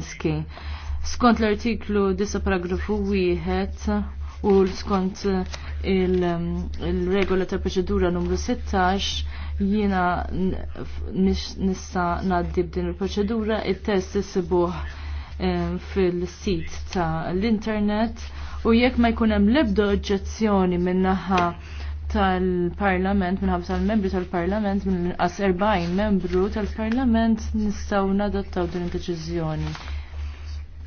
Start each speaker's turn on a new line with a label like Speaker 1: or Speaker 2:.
Speaker 1: Zelenski.
Speaker 2: Skont l-artiklu 9 paragrafu wieħed u skont um, il-regola ta' proċedura numru 16 jiena nista naddib din il-proċedura il-test sibuħ um, fil-sit ta' l-internet u jekk ma jkun hemm l-ebda oġġezzjoni min-naħa tal-parlament, minħabba tal-membri tal-parlament, minn as 40 membru tal-parlament nistaw nadottaw din id-deċiżjoni.